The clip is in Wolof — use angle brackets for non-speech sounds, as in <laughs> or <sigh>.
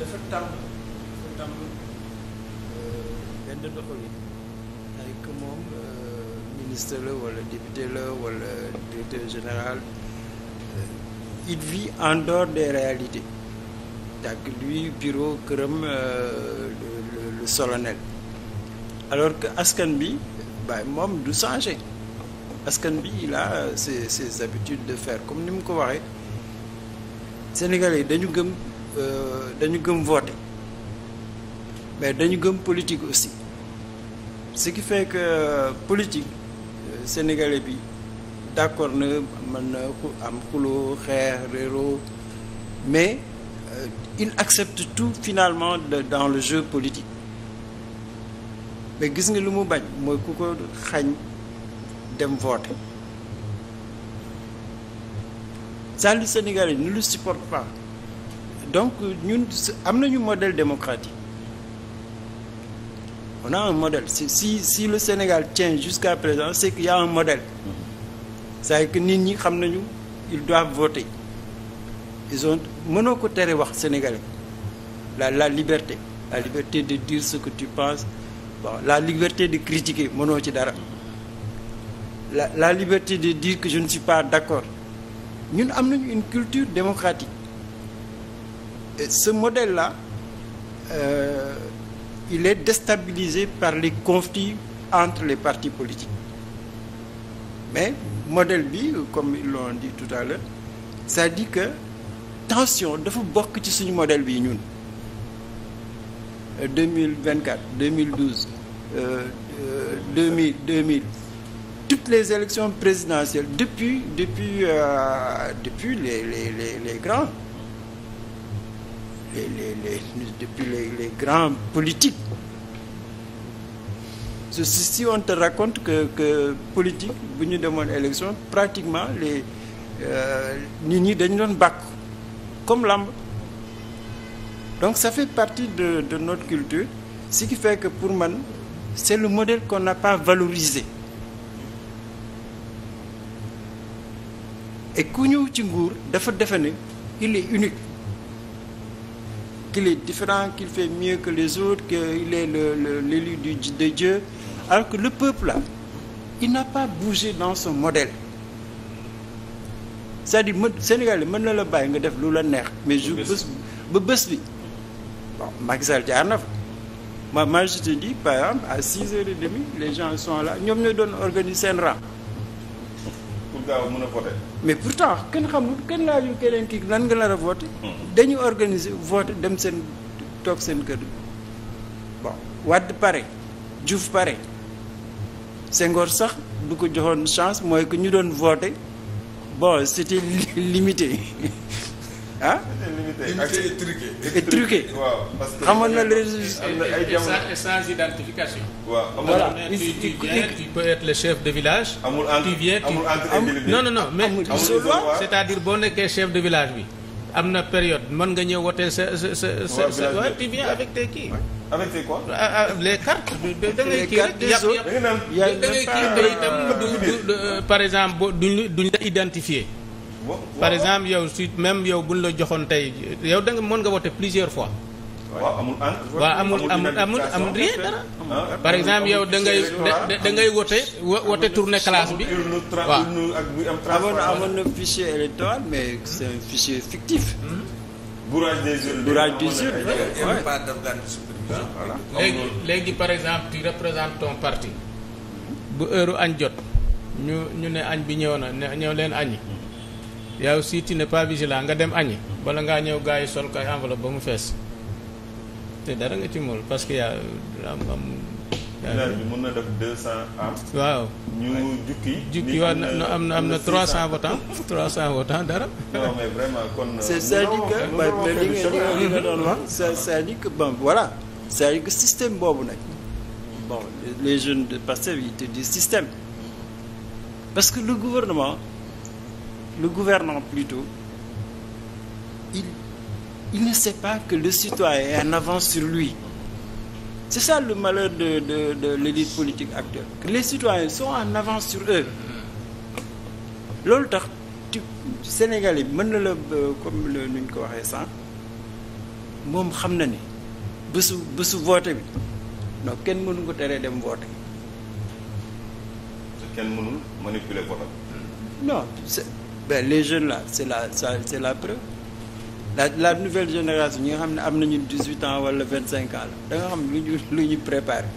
dafa tàmm dafa tàmm euh, benn doxalin ay que moom euh, ministre la wala député la wala directeur général euh, il vit en dehors des réalités tàgg lui bureau këram le lu solennel alors que askan bi ba moom du changé askan bi il a ses ses habitudes de fair comme ni mu ko waxee Sénégalais yi dañu gëm. Euh, dañu gëm voter mais dañu gëm politique aussi ce qui fait que euh, politique euh, sénégalais bi d'accord na mën na am xuloo xeex réeroo mais euh, il accepte tout finalement dans le jeu politique mais gis nga lu mu bañ mooy ku ko xañ dem voter ça les Sénégalais ne le supportent pas donc ñun am nañu modèle démocratique on a un modèle si si si le Sénégal tien jusqu'à présent c'est qu'il y un modèle cest à que nit ñi xam nañu ils doivent voter ils ont mënoo ko tere wax sénégalais la la liberté la liberté de dire ce que tu penses la liberté de critiquer mënoo ci dara la la liberté de dire que je ne suis pas d'accord ñun am nañu une culture démocratique ce modèle la euh, il est déstabilisé par les conflits entre les partis politiques. Mais modèle bi comme ils l'ont dit tout à l'heure ça dit que tension dafa bokk ci suñu modèle bi ñun 2024 2012 euh, 2000 2000 euh, euh, toutes les élections présidentielles depuis depuis euh, depuis les les les les grands les, les, les, depuis les, les grands politiques. Si on te raconte que, que bu ñu demoon élection, pratiquement les euh, nit ñi dañu doon bàkk comme lamb. Donc ça fait partie de, de notre culture, ce qui fait que pour man, c'est le modèle qu'on n'a pas valorisé. et ku ñëw ci nguur dafa defe ne il unique qu'il est différent, qu'il fait mieux que les autres, qu'il est l'élu de Dieu. Alors que le peuple, là, il n'a pas bougé dans son modèle. c'est-à-dire Sénégal mën na la bàyyi nga def lu la neex. mais jour ba bés bi bon Macky Sall jaar na fa. ma ma je par exemple à six heures et demie les gens sont là ñoom ñooy doon organiser seen rang. gaaw mën a voté. mais pourtant kenn xam kenn laajul keneen kii nan nga nar a voté. Hmm. dañu organiser voté dem seen toog seen kër bon Wade pare Diouf pare Senghor sax du ko joxoon chance mooy que ñu doon voté bon c'était limité. <laughs> ah. limité et truqué. et truqué <laughs> waaw parce que. xamal na les am na ay jamono et sans identification. waaw voilà tu viens tu peux être le chef de village. amul entre tu viens tu non non non mais. c'est-à-dire boo nekkee chef de village bi. am na période mën nga ñëw woteel sa sa sa sa waaw tu viens avec tes kii. avec tes quoi. Ah, ah, les cartes. da ngay kii rek yàpp yàpp da ngay kii rek euh, itam par exemple duñ duñ la identifier. par exemple yow si même yow buñ la joxoon tey yow da nga mën nga voter plusieurs fois. waaw amul waaw amul amul amul amul rien dara. Ah. par exemple yow da ngay da ngay wote wote tourner classe bi. waaw amoon amoon na fichier électoral mais c'est un fichier fictif. Mm-hmm. bourrage ah, léegi par exemple tu représentes ton parti. bu heure añ jot ñu ñu ne añ bi ñëw na ñëw leen añi. yow si tu n'es pas nga dem añi bala ngaa ñëw gars yi sol kay enveloppe ba mu fees te dara nga ci mool parce que yaa am am. na def deux cent am. waaw ñu jukki. jukki waaw na am na am na trois cent votants <laughs> trois cent votants dara. non mais vraiment kon. c'est-à-dire que li système boobu nag bon les jeunes de Pastef yi te di système parce que le gouvernement. le gouvernant plutôt, il, il ne sait pas que le citoyen est en avance sur lui. C'est ça le malheur de, de, de l'élite politique actuelle. Que les citoyens en avance sur eux. loolu tax ci Sénégal yi mën na la euh, comme ni ñu ko waxee sànq moom xam na ni bésu bésu vote bi non kenn mënu ko teree dem vote. kenn mënul manipuler vote non c'est ben les jeunes là c'est la c'est la preuve la la nouvelle génération ñi nga xam ne am nañu dix huit ans wala vingt cinq ans la da nga xam lu ñu lu ñu préparé